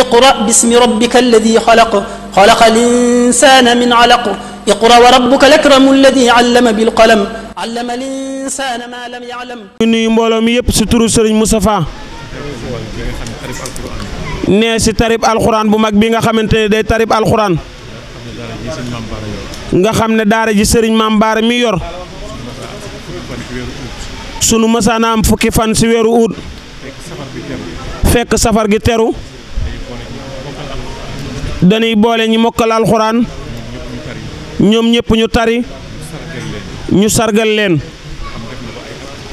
اقرأ باسم ربك الذي خلق خلق الإنسان من علق اقرأ وربك الأكرم الذي علم بالقلم mbooloo mi yëpp si turu Serigne Moustapha nee si tarib alxuraan bu mag bi nga xamante ne day tarib alxuraan nga xam ne daara ji sëriñ Mame Bara mi yor sunu mësaana am fukki fan si weeru ut fekk safar gi teru dañuy boole ñi mokkal alxuraan ñoom ñëpp ñu tari ñu sargal leen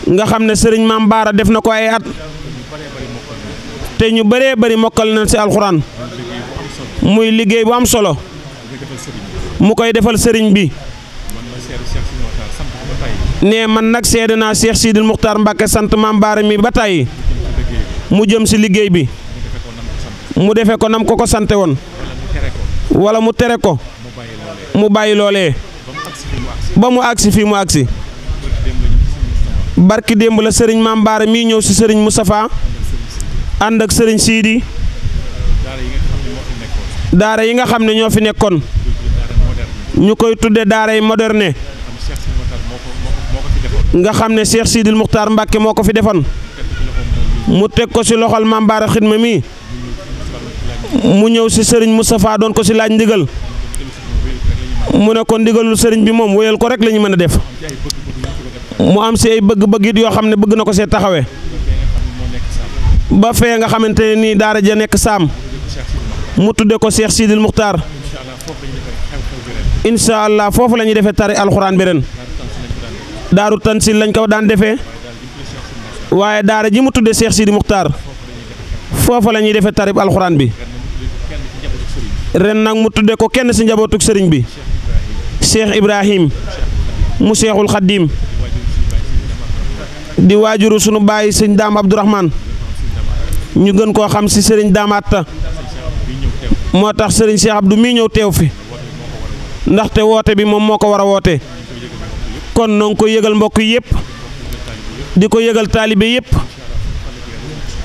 nga xam ne sëriñ mambaara def na ko ay at te ñu bëree bari mokkal na ci alxuraan muy liggéey bu am solo mu koy defal sëriñ bi ne man nag seede naa Cheikh Sidil Muxtaar Mbàkke sant maam Baara mi ba tàyyi mu jëm ci liggéey bi mu defee ko nam ko ko sante woon wala mu tere ko mu bàyyi loolee ba mu agsi fii mu agsi barki démb la sëriñ Maam mii ñëw ci sëriñ Moustapha ànd ak sëriñ Siidi daara yi nga xam ne ñoo fi nekkoon ñu koy tuddee daara yi moderne nga xam ne Cheikh Sidil Muxtaar Mbàkke moo ko fi defoon mu teg ko ci loxol Maam xidma mii mu ñëw si sëriñ Moustapha doon ko si laaj ndigal mu ne ko ndigalul sëriñ bi moom wéyal ko rek lañuy ñu mën a def mu am si ay bëgg-bëgg yoo xam ne bëgg na ko see taxawe ba fee nga xamante ne nii daara ja nekk saam mu tudde ko Cheikh Sidil Muxtaar incha allah foofu lañuy ñuy defee tari alxuraan bi ren daaru tansil lañ ko daan defee waaye daara ji mu tudde Cheikh Sidil Muxtaar foofa lañuy defe defee tarib alxuraan bi ren nag mu tudde ko kenn si njabootug sëriñ bi Cheikh Ibrahim mu Cheikhul Khadim di waajuru sunu baay sëñ Daam Abdourahman ñu gën koo xam si sëriñ Daam Atta moo tax sëriñ Cheikh du mii ñëw teew fi ndaxte woote bi moom moo ko war a woote kon noo ko yëgal mbokk yëpp di ko yëgal taalibe yépp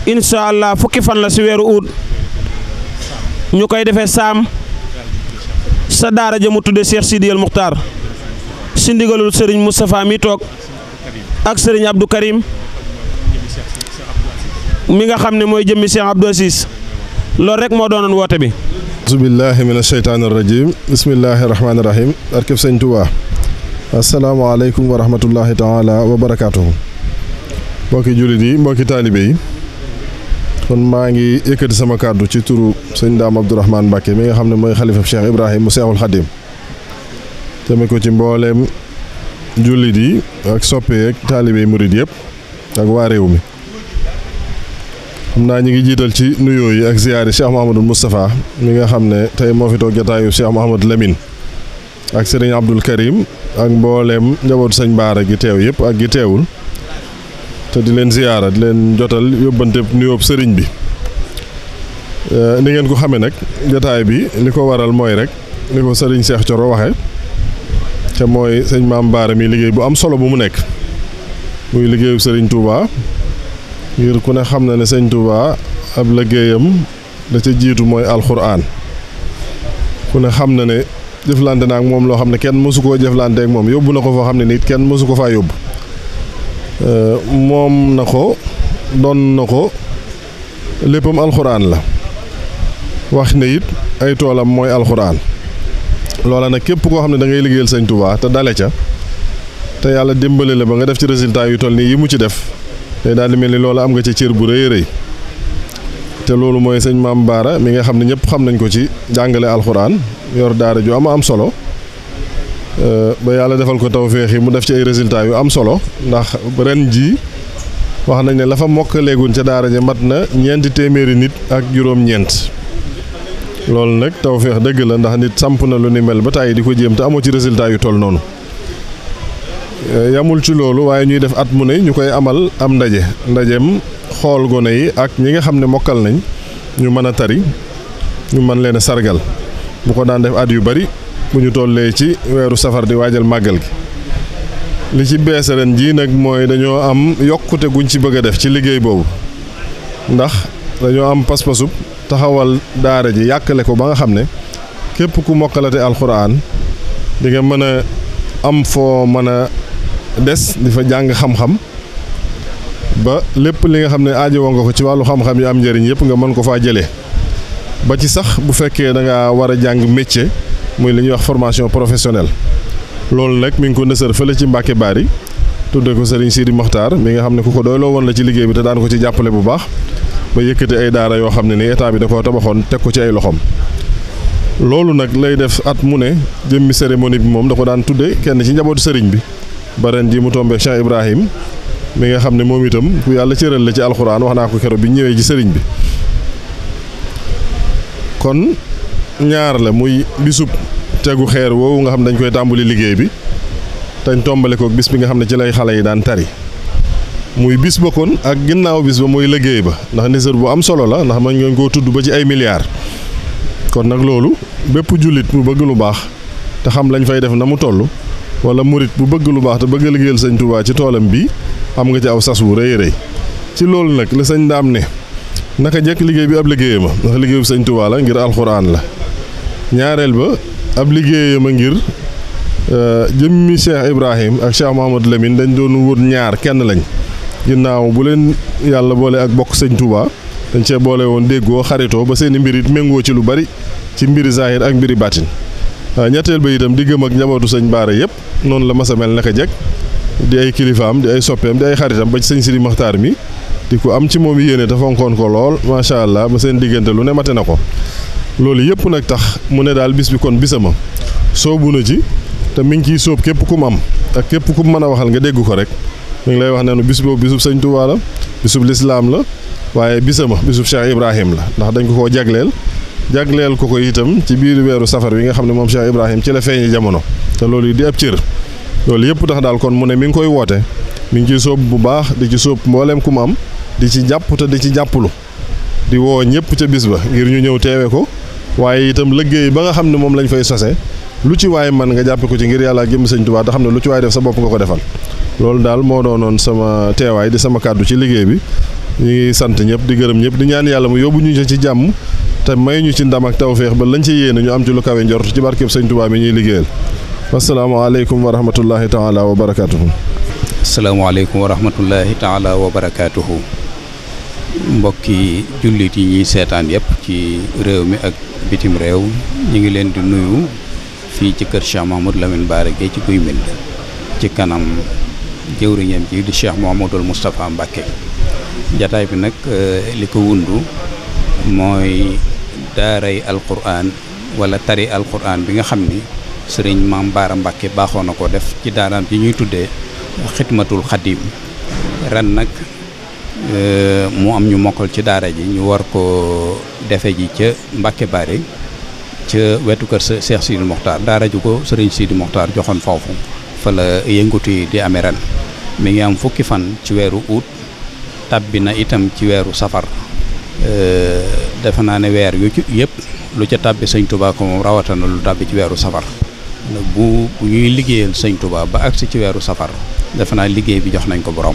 incha allah fukki fan la si weeru uut. ñu koy defee saam sa daara ja mu tudde Cheikh Sidiyal Muxtaar si ndigalul sëriñ Moustapha mi toog ak sëriñ Abdou Karim mi nga xam ne mooy jëmmi Cheikh Abdou Aziz loolu rek moo doonoon woote bi asubillahi min asheytaan irajim bismillahi rahmaani rahim arkib sëñ Touba asalaamaaleykum wa rahmatullahi taala wa barakaatuhu mbokki jullit yi mbokki taalibe yi kon maa ngi yëkkati sama kàddu ci turu sëñ Daam Abdourahmane Mbacke mi nga xam ne mooy xalifa Cheikh Ibrahim mu Seexul Xadim tamit ko ci mbooleem jullit yi ak soppe ak taalibe murid yëpp ak waa réew mi xam naa ñu ngi jiital ci nuyoo yi ak ziyaari Cheikh Mouhamadou Moustapha mi nga xam ne tey moo fi toog jataayu Cheikh Mouhamadou ak sëriñ Abdul Karim ak mbooleem njabootu sëñ Baara gi teew yëpp ak gi teewul te di leen ziyaara di leen jotal yóbbante nuyoob sëriñ bi eh, ni ngeen ko xamee nag jotaay bi li ko waral mooy rek li ko sëriñ Cheikh Thioro waxee ca mooy sëñ Maam Baara mi liggéey bu am solo bu mu nekk muy liggéeyu sëriñ Touba ngir ku ne xam na ne sëñ Touba ab liggéeyam da ca jiitu mooy alxuraan ku ne xam na ne jëflante naak moom loo xam ne kenn mësu koo jëflante ak moom yóbbu na ko foo xam ne nit kenn mësu ko faa yóbbu Euh, moom na ko doon na ko léppam alxuraan la wax ne it ay toolam mooy alxuraan loola na képp koo xam ne da ngay liggéeyal sëñ Tuubaa te dale ca te yàlla dimbale la ba nga def ci résultat yu toll nii yi mu ci def day daal di mel ni loola am nga ca cër bu rëy rëy te loolu mooy sëñ Maam Baara mi nga xam ne ñëpp xam nañ ko ci jàngale alxuraan yor daara ju am a am solo Euh, ba yàlla defal ko tawféex yi mu def ci ay résultats yu am solo ndax ren jii wax nañ ne la fa mokk ca daara ja mat na ñeenti téeméeri nit ak juróom-ñeent loolu nag tawféex dëgg la ndax nit samp na lu ni mel ba tàyyi di ko jéem te amoo ci résultats yu toll noonu euh, yamul ci loolu waaye ñuy def at mu ne ñu koy amal am ndaje ndajeem xool gone yi ak ñi nga xam ne mokkal nañ ñu mën a tari ñu mën leen a sargal bu ko daan def at yu bari bu ñu tollee ci weeru safar di waajal màggal gi li ci bees ren jii nag mooy dañoo am yokkute guñ ci bëgg a def ci liggéey boobu ndax dañoo am pas-pasub taxawal daara ji yàkkale ko ba nga xam ne képp ku mokkalate alxuraan dinga nga mën a am foo mën a des di fa jàng xam-xam ba lépp li nga xam ne aajowoo nga ko ci wàllu xam-xam yi am njëriñ yëpp nga mën ko faa jële ba ci sax bu fekkee da nga war a jàng métier. muy li ñuy wax formation professionnelle loolu nag mi ngi ko nësër fële ci Mbàkke Baari tudde ko Serigne Sidi Mokhtar mi nga xam ne ku ko doyloo woon la ci liggéey bi te daan ko ci jàppale bu baax ba yëkkati ay daara yoo xam ne ni état bi da koo tabaxoon teg ko ci ay loxoom. loolu nag lay def at mu ne jëmmi cérémonie bi moom da ko daan tudde kenn ci njabootu sëriñ bi ba ren ji mu tombeek Cheikh Ibrahim mi nga xam ne moom itam ku yàlla cëral la ci alxuraan wax naa ko keroog bi ñëwee ci sëriñ bi ñaar la muy bisub tegu xeer woowu nga xam dañ koy tàmbali liggéey bi tañ tombale ko bis bi nga xam ne ci lay xale yi daan tari muy bis bokkoon ak ginnaaw bis ba mooy liggéey ba ndax nisër bu am solo la ndax man ngeen koo tudd ba ci ay milliards kon nag loolu bépp jullit bu bëgg lu baax te xam lañ fay def na mu toll wala murit bu bëgg lu baax te bëgg liggéeyal sañ Tuubaa ci toolam bi am nga ci aw sas wu rëy rëy ci loolu nag la sañ ndaam ne naka jekk liggéey bi ab liggéeyam ma ndax liggéey bu ngir alxuraan la ñaareel ba ab liggéeyam a ngir euh, jëmmi Cheikh Ibrahim ak Cheikh Mouhamadou Lamine dañ doon wut ñaar kenn lañ ginnaaw bu leen yàlla boole ak bokk sëñ Touba dañ cee boole woon déggoo xaritoo ba seeni mbir it méngoo ci lu bari ci mbiri zahir ak mbiri baatin euh, ñetteel ba itam di gëm ak njabootu sëñ Baara yëpp noonu la mas a mel naka jekk di ay kilifaam di ay soppeem di ay xaritam ba ci sëñ Sidi Maxtaar mi di ko am ci moom yéene te fonkoon ko lool macha allah ba seen diggante lu ne na ko. loolu yëpp nag tax mu ne daal bis bi kon ma soobu na ci te mi ngi ciy sóob képp ku mu am ak képp ku mën a waxal nga dégg ko rek mi ngi lay wax ne bis boobu bisub sëñ Tuubaa la bisub la waaye bisama bisub Cheikh Ibrahim la ndax dañ ko koo jagleel jagleel ko ko itam ci biir weeru safar wi nga xam ne moom Cheikh Ibrahim ci la feeñi jamono te loolu yi di ab cër loolu yëpp tax daal kon mu ne mi ngi koy woote mi ngi ciy soob bu baax di ci sóob mbooleem ku mu am di ci jàpp te di ci jàppalu di woo ñëpp ca bis ba ngir ñu ñëw teewe ko waaye itam liggéey ba nga xam ne moom lañ fay sose lu ci waay man nga jàppe ko ci ngir yàlla jëm sëñ Tuubaa te xam ne lu ci waay def sa bopp nga ko defal loolu daal moo doonoon sama teewaay di sama kàddu ci liggéey bi ñu sant ñëpp di gërëm ñëpp di ñaan yàlla mu yóbbu ñu ci jàmm te may ñu ci ndam ak tawféex ba lañ ci yéene ñu am ci lu kawe njort ci barkeb sëñ Tuubaa mi ñuy liggéeyal asalaamaaleykum wa rahmatullahi taala wa barakaatuhu asalaamaaleykum wa rahmatullahi taala wa barakaatuhu mbokki jullit yi ñuy seetaan yëpp ci réew mi ak bitim réew ñu ngi leen di nuyu fii ci kër Cheikh Mouhamadou Lamine Bara Gueye ci Guy Mbind ci kanam jëwriñam ji di Cheikh Mouhamadoul Moustapha Mbacké jataay bi nag eh, li ko wundu mooy daaray alquran wala tari alquran bi nga xam ni sëriñ Maam Bara Mbacké baaxoo na ko def ci daaram ji ñuy tuddee xidmatul xadim ren nag Euh, mu am ñu mokkal ci daara ji ñu war ko defe ji ca Mbàkke Bari ca wetu kër Cheikh Sidi Mokhtar daara ju ko sëriñ Sidi Mokhtar joxoon foofu fa la yëngutu yi di amee ren mi ngi am fukki fan ci weeru août tàbbi na itam ci weeru safar euh, defe naa ne weer yu yëpp lu ca tàbbi sëñ Touba ko moom ci weeru safar bu ñuy liggéeyal sëñ Touba ba agsi ci weeru safar defe naa liggéey bi jox nañ ko borom.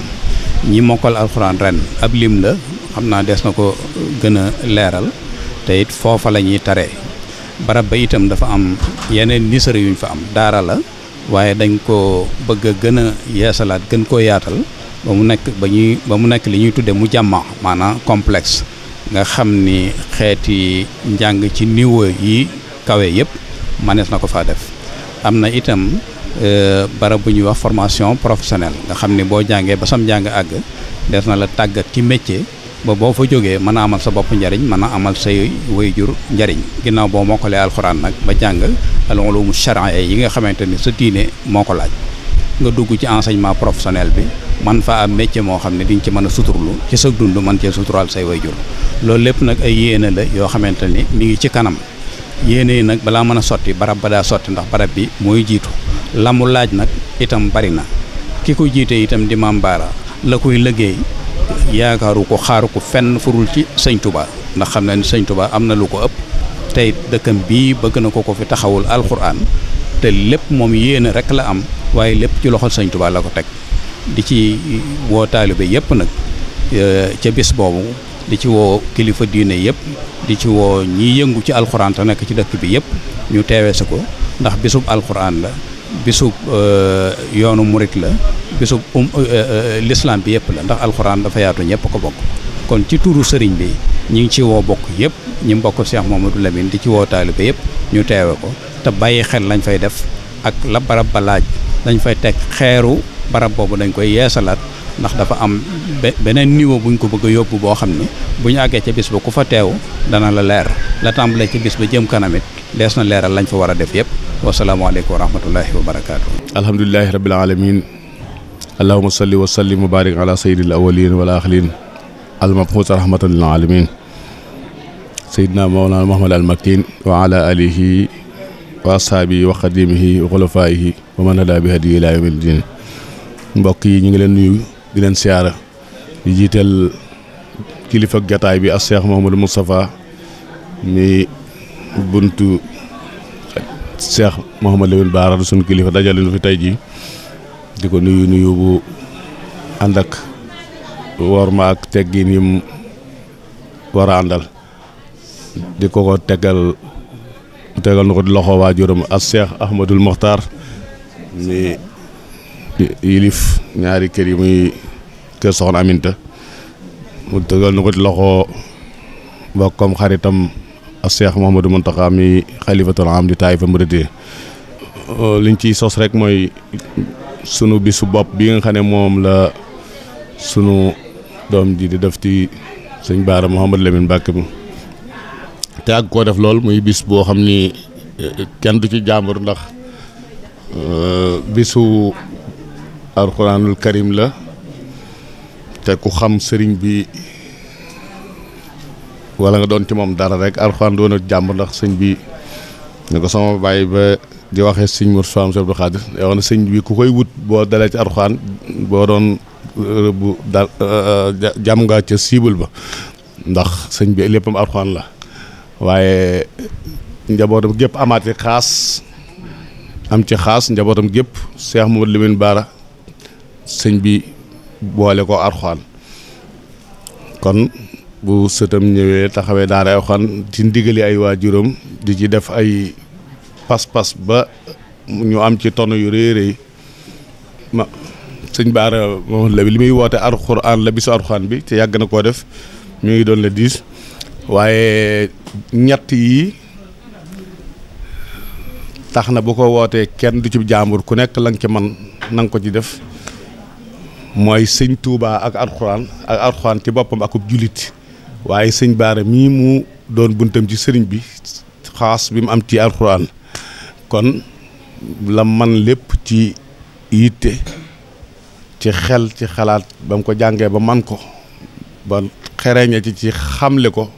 ñi mokkal alxuraan ren ab lim la xam naa des na ko gën a leeral te it foofa la ñuy tare barab ba itam dafa am yeneen nisara yuñ fa am daara la waaye dañ ko bëgg a gën a yeesalaat gën koo yaatal ba mu nekk ba ñuy ba mu nekk li ñuy tudde mu jàmma maanaam complexe nga xam ni xeeti njàng ci niveau yi kawe yëpp manees na ko faa def am na itam Euh, barab bu ñuy wax formation professionnelle nga xam ni boo jàngee ba sam jàng àgg des na la tàggat ci métier ba boo fa jógee mën a amal sa bopp njariñ mën a amal say jur njariñ ginnaaw boo mokkalee alxuraan nag ba jàng al ulumu charia yi nga xamante ni sa diine moo ko laaj nga dugg ci enseignement professionnel bi man fa am métier moo xam ne di nga ci mën a suturlu ci sa dund man cee suturaal say wayjur loolu lépp nag ay yéene la yoo xamante ni mi ngi ci kanam yéene yi nag balaa mën a sotti barab ba daa ndax barab bi mooy jiitu la laaj nag itam bari na ki ko jiite itam di Maam Baara la koy liggéey yaakaaru ko xaaru ko fenn furul ci sëñ Touba ndax xam na ni sëñ Touba am na lu ko ëpp tey dëkkam bii bëgg na ko ko fi taxawul alxuraan te lépp moom yéene rek la am waaye lépp ci loxol sëñ Touba la ko teg di ci woo taalibe yëpp nag e, ca bis boobu di ci woo kilifa diine yëpp di ci woo ñi yëngu ci alxuraan te nekk ci dëkk bi yëpp ñu teewee sa ko ndax bisub alxuraan la. bisub euh, yoonu murit la bisub um euh, euh, l'islam bi yëpp la ndax alxuraan dafa yaatu ñëpp ko bokk kon ci turu sëriñ bi ñu ngi ci woo bokk yëpp ñu mbokk Cheikh Mamadou Lamine di ci woo taalibe yëpp ñu teewe ko te bàyyi xel lañ fay def ak la barab ba laaj dañ fay teg xeeru barab boobu dañ koy yeesalaat ndax dafa am beneen niveau buñ ko bëgg a yóbbu boo xam ne bu ñu àggee ca bis ba ku fa teew dana la leer la tàmbalee ci bis ba jëm kanamit lees na leeral lañ fa war a def yëpp wasalaamualeykum wa rahmatullahi wa barakaatu. alhamdulilahi rabil alamin allahuma salli wa sallim wa barik ala sayyidil awalin wal axirin almabxuus rahmatan lil alamin sayyidina mawlana muhammad al makin wa ala alihi wa ashaabihi wa xadimihi wa xulafaayihi wa man hada bi hadi ila yawmi din mbokk yi ñu ngi leen nuyu di leen siyaara di jiital kilifa jataay bi ak Cheikh Mouhamadou Moustapha mi buntu Cheikh Mouhamadou Lamine Bara di sunu kilifa dajale nu fi tey jii di ko nuyu nuyu bu ànd ak worma ak teggin yi mu war a àndal di ko ko tegal tegal na ko di loxo waajuram ak Cheikh Ahmadul Mokhtar mi yilif ñaari kër yi muy kër Soxna Aminta mu tegal na ko di loxo bokkam xaritam. ak Cheikh Mouhamadou Mountakha mi xalifatul am di Taïba Mouridiyya euh, liñ ciy sos rek mooy sunu bisu bopp bi nga xam ne moom la sunu doom ji di def ci sëñ Baara Mouhamadou Lamine Mbacke bi te ak koo def lool muy bis boo xam ni euh, kenn du ci jàmbur ndax euh, bisu alxuraanul karim la te ku xam sëriñ bi. wala nga doon ci moom dara rek alxuraan doon ak jàmm ndax sëñ bi ni ko sama bàyyi ba di waxee sëñ Moussa Moussa Abdou Khadir yow na sëñ bi ku koy wut boo dalee ci alxuraan boo doon euh, bu da euh, ngaa ca siibul ba ndax sëñ bi léppam alxuraan la waaye njabootam gépp amaati xaas am ci xaas njabootam gépp Cheikh Mouhamadou Lamine Bara sëñ bi boole ko alxuraan kon bu sëtam ñëwee taxawee daara Alxuraan ci ndigali ay waa waajuram di ci def ay pas-pas ba ñu am ci ton yu rëy rëy ma sëñ Baara moom la li muy woote Alxuraan la bisu Alxuraan bi te yàgg na koo def ñu ngi doon la diis waaye ñett yi tax na bu ko wootee kenn du ci jaambur ku nekk la nga ci man na ko ci def mooy sëñ Touba ak Alxuraan ak Alxuraan ci boppam akub jullit waaye sëñ Baara mii mu doon buntam ci sëriñ bi xaas bi mu am ci alxuraan kon la man lépp ci yitte ci xel ci xalaat ba mu ko jàngee ba man ko ba xereñe ci ci xamle ko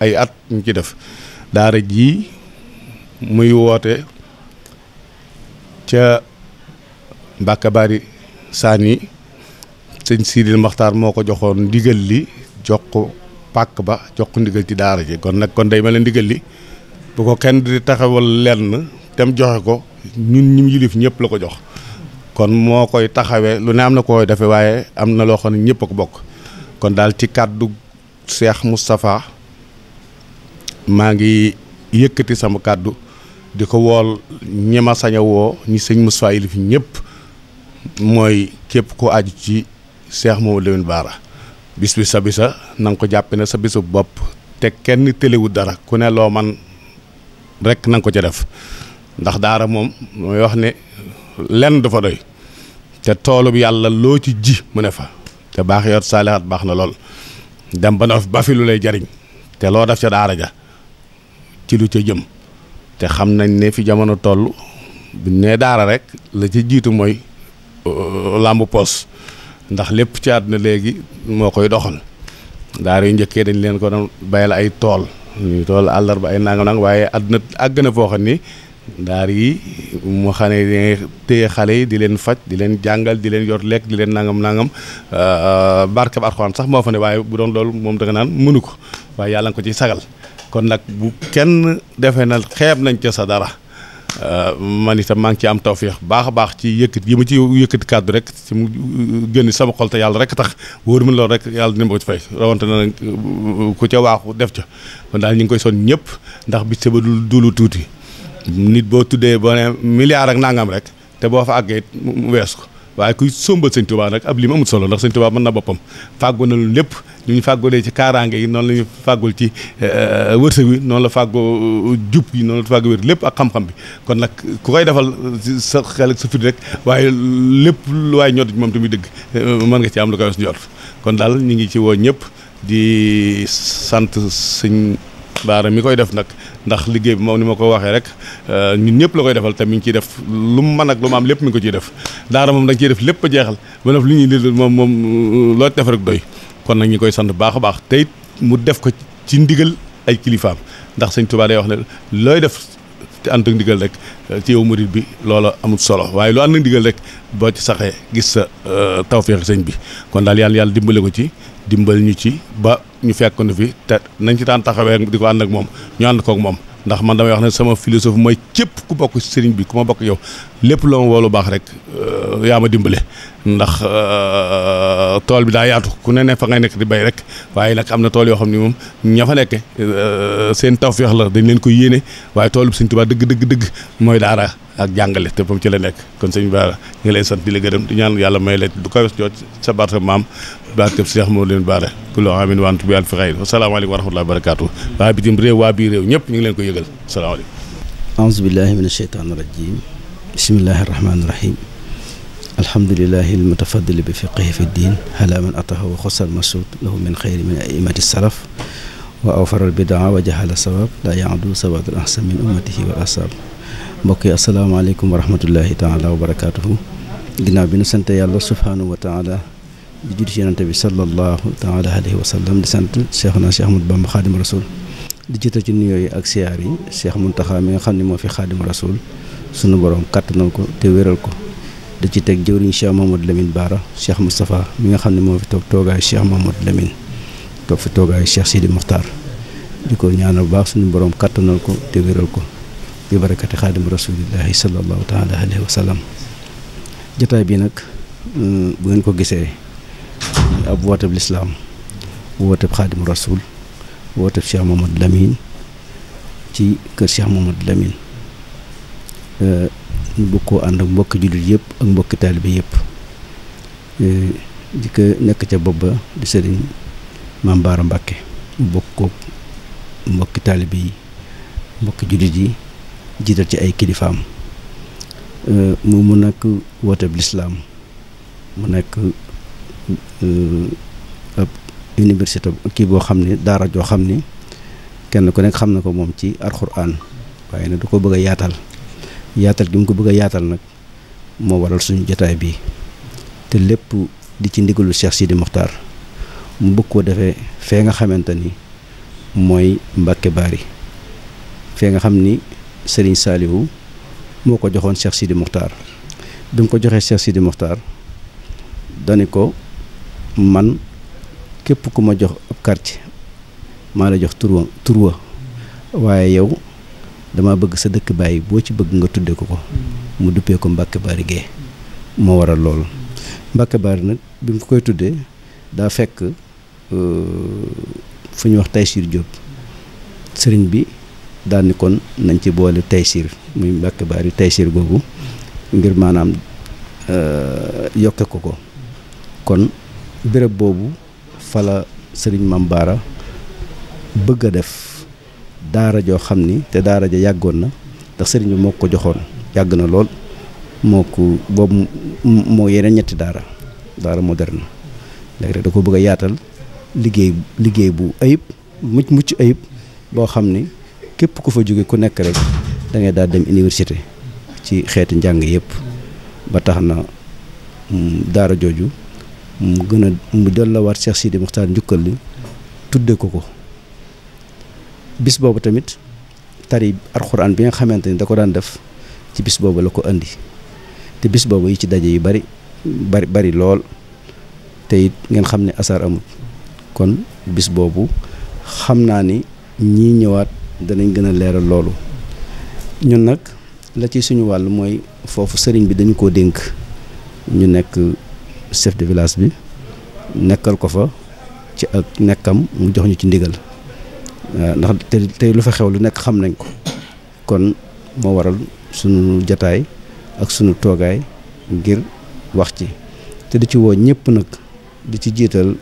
ay at ñu ci def daara jii muy woote ca Mbàkke Bari Saani sëñ Siidil Maxtaar moo ko joxoon ndigal li jox pàkk ba jox ko ndigal ci daara ji kon nag kon day mel ne ndigal li bu ko kenn di taxawal lenn tem joxe ko ñun ñim yilif ñëpp la ko jox kon moo koy taxawee lu ne am na koy defee waaye am na loo xam ne ñëpp a ko bokk kon daal ci kàddu Cheikh Moustapha maa ngi yëkkati sama kàddu di ko wool ñi sañawoo sañ ñi sëñ Moustapha yilif ñëpp mooy képp ko aju ci Cheikh Mamadou Lamine Bara bis bi sa bisa na nga ko jàppi na sa bisu bopp te kenn téléwut dara ku ne loo man rek na nga ko ca def ndax daara moom mooy wax ne lenn dafa fa doy te toolub yàlla loo ci ji mu ne fa te baax yor saalihaat baax na lool dem ba na ba fi lu lay jariñ te loo def ca daara ja ci lu ca jëm te xam nañ ne fi jamono toll bu nee daara rek la ci jiitu mooy euh, làmbu poos ndax lépp ci àdduna léegi moo koy doxal daar yu njëkkee dañ leen ko doon la ay tool ñuy tool àllarba ay nangam nang waaye àdduna àgg na foo xam ni daar yi mu xam ne dangay xale yi di leen faj di leen jàngal di leen yor lekk di leen nangam nangam euh, barkab Alxuraan sax moo fa ne waaye bu doon loolu moom danga naan mënu ko waaye yàlla nga ko ci sagal kon nag bu kenn defee na xeeb nañ ca sa dara Euh, man itam maa ngi ci am tawféex baax a baax ci yëkkati yi ma ci yëkkati kàddu rek ci mu génn sama xol te yàlla rek a tax wóor ma loolu rek yàlla dina ma ko ci fay rawante na euh, ku ca waaxu def ca kon daal ñu ngi koy son ñëpp ndax bis ba du dulu tuuti nit boo tuddee ba ne milliard ak nangam rek te boo fa àggee mu wees ko waaye kuy sombal sëñ Tuubaa nag ab lim amul solo ndax sëñ Tuubaa mën na boppam fàggu na lu lépp ñu ñu fàggulee ci kaaraange yi noonu la ñu fàggul ci eh, eh, wërsëg wi noonu la fàggoo eh, jub yi noonu la fàggu wér lépp ak xam-xam bi kon nag ku koy defal sa xel ak sa fit rek waaye lépp lu waay ñott ci moom tamit dëgg mën nga ci am lu koy was njort kon daal ñu ngi ci woo ñëpp di sant sëñ baara mi koy def nag ndax liggéey bi moom ni ma ko waxee rek euh, ñun ñëpp la koy defal te mi ngi ciy def lu mu mën ak lu mu am lépp mi ko ciy def daara moom da nga def lépp a jeexal ba def li ñuy li euh, loo def rek doy kon nag ñi koy sant baax baax te mu def ko ci ndigal ay kilifaam ndax sëñ Tuubaa day wax ne looy def te ànd ak ndigal rek euh, ci yow murit bi loola amul solo waaye lu ànd ak ndigal rek boo ci saxee gis sa tawféexi sëñ bi kon daal yàlla yàlla dimbale ko ci dimbal ñu ci ba ñu fekk nu fi te nañ ci daan taxawee di ko ànd ak moom ñu ànd kook moom ndax man damay wax na sama philosophie mooy képp ku bokk sëriñ bi ku ma bokk yow lépp loo ma woolu baax rek euh, yaa ma dimbale ndax euh, tool bi daa yaatu ku ne ne fa ngay nekk di bay rek waaye nag am na tool yoo xam ne moom ña fa nekke euh, seen tawfeex la dañ leen ko yéene waaye tool bi Sëriñ Tuubaa dëgg dëgg dëgg mooy daara ak jàngale te foofu ci la nekk kon sëñ Bara ñu ngi lay sant la gërëm du ñaan yàlla may la du ko jot sa barke maam barkeb Cheikh Modou Lamine Bara kullu aamin wa antum bi alfi xayr asalaamaaleykum wa rahmatullahi waa bitim réew waa biir réew ñëpp ñu ngi leen ko yëgal asalaamaaleykum aouzu billahi min asheytaan irajim bismillahi arrahmani irahim alhamdulilahi almutafadili bi fiqihi fi ddin ala man atahu wa xosal masud lahu min xayri min aimati salaf wa awfaral bidaa wa jahala sawab la yaadu sawatul ahsan min ummatihi mbokk yi asalaamaaleykum wa rahmatullahi taala wa barakaatuhu ginnaaw bi nu sant yàlla subhaanahu wa taala di judi ci yonante bi sallallahu taala alayhi wa sallam di sant Cheikhna Cheikh Ahmadou Bamba Xaadimu Rasul di jiital ci nuyoo yi ak siyaar yi Cheikh Muntaxa mi nga xam ni moo fi Xaadimu Rasul sunu boroom kàttanal ko te wéral ko di ci teg jëwriñ Cheikh Mamadou Lamine Baara Cheikh Moustapha mi nga xam ne moo fi toog toogaayu Cheikh Mamadou Lamine toog fi toogaayu Cheikh Sidi Mokhtar di ko ñaanal baax suñu borom kàttanal ko te wéral ko bi barakati xaadim rasulillahi sallallahu taala alayhi bi nag mm, bu ngeen ko gisee ab wooteb lislaam wooteb xaadim rasul wooteb Cheikh Mamadou Lamine ci kër Cheikh Mamadou Lamine ñu bëgg ko ànd ak mbokki jullit yëpp ak mbokki taalibe yëpp di ko nekk ca bopp ba di sëriñ Maam Baara Mbàkke bokk ko mbokki taalibe yi mbokki jullit yi jiital ci ay kilifaam euh, mu mu nekk wooteeb lislaam mu nekk euh, ab université kii boo xam ne daara joo xam ni kenn ku nekk xam na ko moom ci alxuraan waaye nag du ko bëgg a yaatal yaatal gi mu ko bëgg yaatal nag moo waral suñu jataay bi te lépp di ci ndigalu Cheikh Sidi Mokhtar mu bëgg koo defee fee nga xamante ni mooy Mbàkke Baari fee nga xam ni Serigne Saliou moo ko joxoon Cheikh Sidi Muxtaar bi mu ko joxee Cheikh Sidi Muxtaar dani ko man képp ku ma jox ab quartier maa la jox turwa turwa waaye yow dama bëgg sa dëkk bàyyi boo ci bëgg nga tudde ko ko mu duppee ko Mbàkke bari Gee moo waral lool Mbàkke Baari nag bi mu ko koy tuddee daa fekk euh, fu ñu wax Taysiir Jóob sëriñ bi daal kon nañ ci boole taysir muy Mbàkke Baari taysir googu ngir maanaam euh, yokke ko ko kon béréb boobu fala sëriñ Mam Baara bëgg a def daara joo xam ni te daara ja yàggoon na ndax sëriñ mook ko joxoon yàgg na lool moo ko boobu moo yeneen ñetti daara daara moderne léegi rek da ko bëgg yaatal liggéey bu ayib mucc mucc ayib boo xam ni képp ku fa jóge ku nekk rek da ngay daal dem université ci xeeti njàng yépp ba tax na mm, daara jooju mu gën a mu delluwaat Cheikh Sidi Muxtaar njukkal li tudde ko ko bis boobu tamit tari alxuraan bi nga xamante ni da ko daan def ci bis boobu la ko indi te bis boobu yi ci daje yi bari bari bari lool te it ngeen xam ne asaar amul kon bis boobu xam naa ni ñii ñëwaat danañ gën a leeral loolu ñun nag la ci suñu wàll mooy foofu sëriñ bi dañu koo dénk ñu nekk chef de village bi nekkal ko fa ci ak nekkam mu jox ñu ci ndigal ndax te tey lu fa xew lu nekk xam nañ ko kon moo waral suñu jataay ak suñu toogaay ngir wax ci te du ci woo ñëpp nag di ci jiital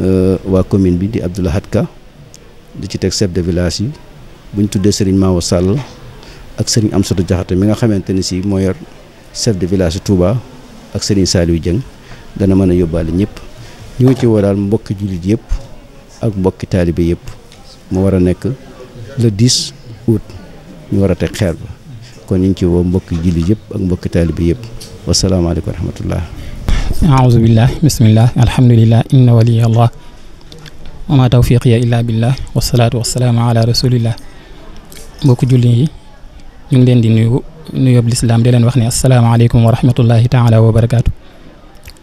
euh, waa commune bi di Abdoulahat Ka di ci teg chef de village yi bu ñu tuddee sëriñ Mawa Sall ak sëriñ Amsatu Jaxate mi nga xamante ni si moo yor chef de village Touba ak sëriñ Saliou Dieng dana mën a yóbbaale ñëpp ñu ngi ci woo daal mbokki jullit yëpp ak mbokki taalibe yëpp mu war a nekk le 10 août war a teg xeer kon ñu ngi ci woo mbokki jullit yëpp ak mbokki taalibe yëpp wasalaamaaleykum wa rahmatullah aousubillah inna waliya allah wa illa billah wasalaatu wasalaamu ala rasulillah mbokku julli yi ñu ngi leen di nuyu nuyoob lislaam di leen wax ne asalaamaaleykum wa rahmatullahi taala wa barakaatu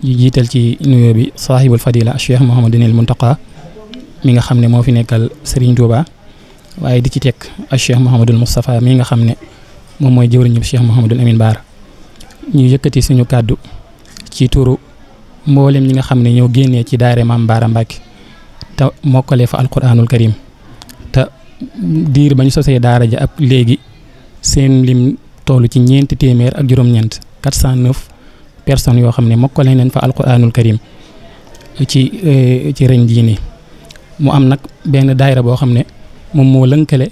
ñu jiital ci nuyoo bi saaxibul fadila cheikh Mouhamadinil Muntaqa mi nga xam ne moo fi nekkal Serigne Touba waaye di ci teg ak cheikh Mouhamadul Moustapha mi nga xam ne moom mooy jëwriñu cheikh Mouhamadul Amin Baara ñu yëkkati suñu kàddu ci turu mboolem ñi nga xam ne ñoo génnee ci daare Maam Baara Mbàkke te mokkale fa alquranul karim diir bañ ñu sosee daara ja ak léegi seen lim toolu ci ñeenti téeméer ak juróom-ñeent 409 personnes yoo xam ne mokkale nañ fa alquranul karim ci euh, ci ren jii nii mu am nag benn daayira boo xam ne moom moo lënkale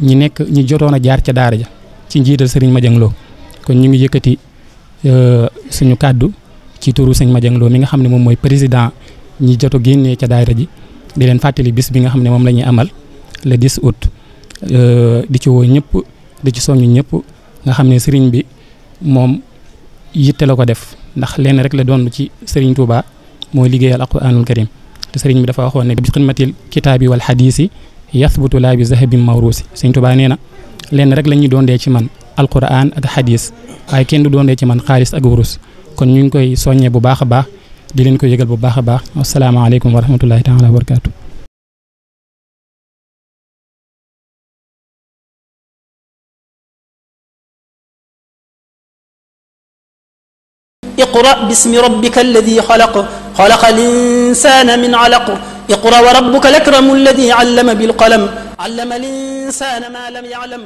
ñi nekk ñi jotoon a jaar ca daara ja ci njiital sëriñ Madiang Lo kon ñu ngi yëkkati euh, suñu kàddu ci turu sëñ Madiang mi nga xam ne moom mooy président ñi joto génnee ca daayira ji di leen fàttali bis bi nga xam ne moom la ñuy amal le 10 août euh, di ci woo ñëpp di ci soññ ñëpp nga xam ne sëriñ bi moom yitte la ko def ndax lenn rek la doon ci sëriñ Touba mooy liggéeyal alquranul karim te sëriñ bi dafa waxoon ne bi xidmatil kitaabi wal xadiisi yathbutu laa bi zahabin mawruusi sëriñ Touba nee na lenn rek la ñuy doondee ci man alquran ak xadiis waaye kenn du doondee ci man xaalis ak wurus kon ñu ngi koy soññee bu baax a baax di leen ko yëgal bu baax a baax wasalaamaaleykum wa rahmatullahi taala wa barakaatu اقرأ باسم ربك الذي خلق خلق الإنسان من علق اقرأ وربك الأكرم الذي علم بالقلم علم الإنسان ما لم يعلم